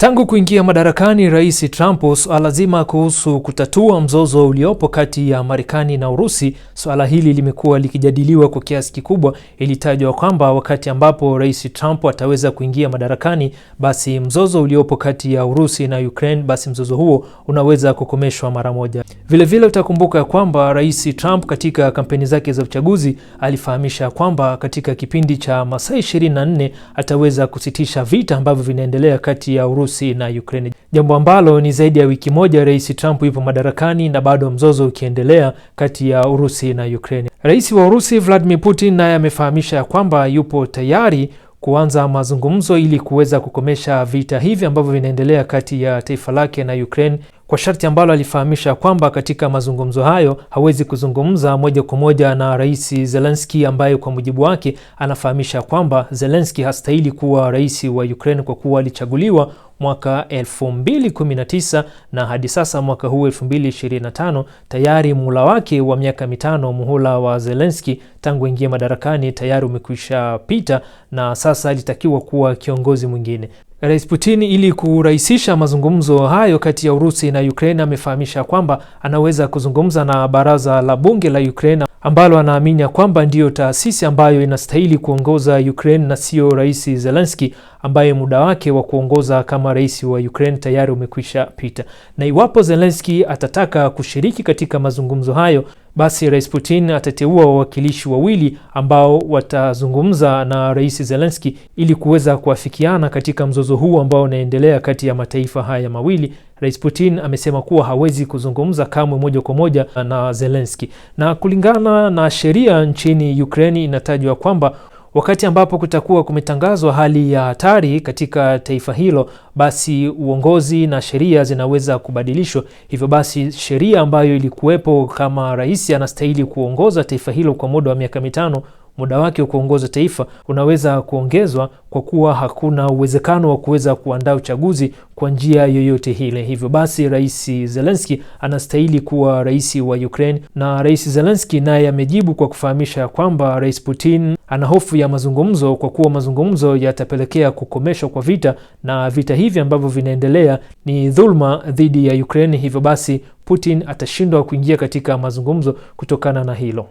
Tangu kuingia madarakani, Rais Trump swala zima kuhusu kutatua mzozo uliopo kati ya Marekani na Urusi, swala hili limekuwa likijadiliwa kwa kiasi kikubwa. Ilitajwa kwamba wakati ambapo Rais Trump ataweza kuingia madarakani, basi mzozo uliopo kati ya Urusi na Ukraine, basi mzozo huo unaweza kukomeshwa mara moja. Vilevile utakumbuka kwamba Rais Trump katika kampeni zake za uchaguzi alifahamisha kwamba katika kipindi cha masaa 24 ataweza kusitisha vita ambavyo vinaendelea kati ya Urusi Urusi na Ukraine, jambo ambalo ni zaidi ya wiki moja Rais Trump yupo madarakani na bado mzozo ukiendelea kati ya Urusi na Ukraine. Rais wa Urusi Vladimir Putin naye amefahamisha ya kwamba yupo tayari kuanza mazungumzo ili kuweza kukomesha vita hivi ambavyo vinaendelea kati ya taifa lake na Ukraine kwa sharti ambalo alifahamisha kwamba katika mazungumzo hayo hawezi kuzungumza moja kwa moja na Rais Zelenski ambaye kwa mujibu wake anafahamisha kwamba Zelenski hastahili kuwa rais wa Ukraine kwa kuwa alichaguliwa mwaka 2019 na hadi sasa mwaka huu 2025 tayari muhula wake wa miaka mitano, muhula wa Zelensky tangu ingia madarakani tayari umekwisha pita na sasa alitakiwa kuwa kiongozi mwingine. Rais Putin ili kurahisisha mazungumzo hayo kati ya Urusi na Ukraine amefahamisha kwamba anaweza kuzungumza na baraza la bunge la Ukraine ambalo anaamini ya kwamba ndiyo taasisi ambayo inastahili kuongoza Ukraine na sio Rais Zelensky ambaye muda wake wa kuongoza kama rais wa Ukraine tayari umekwisha pita, na iwapo Zelensky atataka kushiriki katika mazungumzo hayo basi Rais Putin atateua wawakilishi wawili ambao watazungumza na Rais zelenski ili kuweza kuafikiana katika mzozo huu ambao unaendelea kati ya mataifa haya mawili. Rais Putin amesema kuwa hawezi kuzungumza kamwe moja kwa moja na zelenski na kulingana na sheria nchini ukreni inatajwa kwamba Wakati ambapo kutakuwa kumetangazwa hali ya hatari katika taifa hilo, basi uongozi na sheria zinaweza kubadilishwa. Hivyo basi sheria ambayo ilikuwepo kama rais anastahili kuongoza taifa hilo kwa muda wa miaka mitano muda wake wa kuongoza taifa unaweza kuongezwa kwa kuwa hakuna uwezekano wa kuweza kuandaa uchaguzi kwa njia yoyote ile. Hivyo basi, Rais zelenski anastahili kuwa rais wa Ukraine, na Rais zelenski naye amejibu kwa kufahamisha kwamba Rais Putin ana hofu ya mazungumzo kwa kuwa mazungumzo yatapelekea kukomeshwa kwa vita, na vita hivi ambavyo vinaendelea ni dhuluma dhidi ya Ukraine. Hivyo basi, Putin atashindwa kuingia katika mazungumzo kutokana na hilo.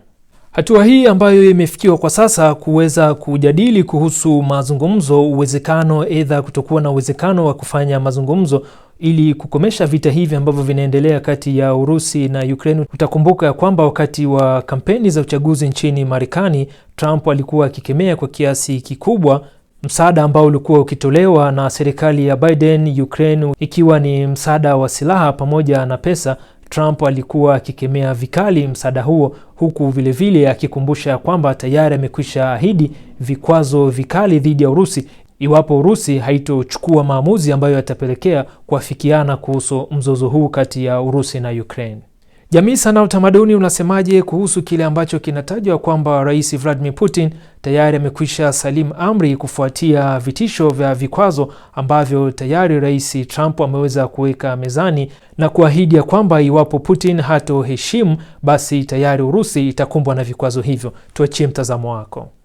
Hatua hii ambayo imefikiwa kwa sasa kuweza kujadili kuhusu mazungumzo, uwezekano aidha kutokuwa na uwezekano wa kufanya mazungumzo ili kukomesha vita hivi ambavyo vinaendelea kati ya Urusi na Ukraine. Utakumbuka ya kwamba wakati wa kampeni za uchaguzi nchini Marekani, Trump alikuwa akikemea kwa kiasi kikubwa msaada ambao ulikuwa ukitolewa na serikali ya Biden Ukraine, ikiwa ni msaada wa silaha pamoja na pesa, Trump alikuwa akikemea vikali msaada huo huku vilevile akikumbusha kwamba tayari amekwisha ahidi vikwazo vikali dhidi ya Urusi iwapo Urusi haitochukua maamuzi ambayo yatapelekea kuafikiana kuhusu mzozo huu kati ya Urusi na Ukraine. Jamii sana utamaduni unasemaje kuhusu kile ambacho kinatajwa kwamba Rais Vladimir Putin tayari amekwisha salimu amri kufuatia vitisho vya vikwazo ambavyo tayari Rais Trump ameweza kuweka mezani na kuahidi ya kwamba iwapo Putin hatoheshimu basi tayari Urusi itakumbwa na vikwazo hivyo. Tuachie mtazamo wako.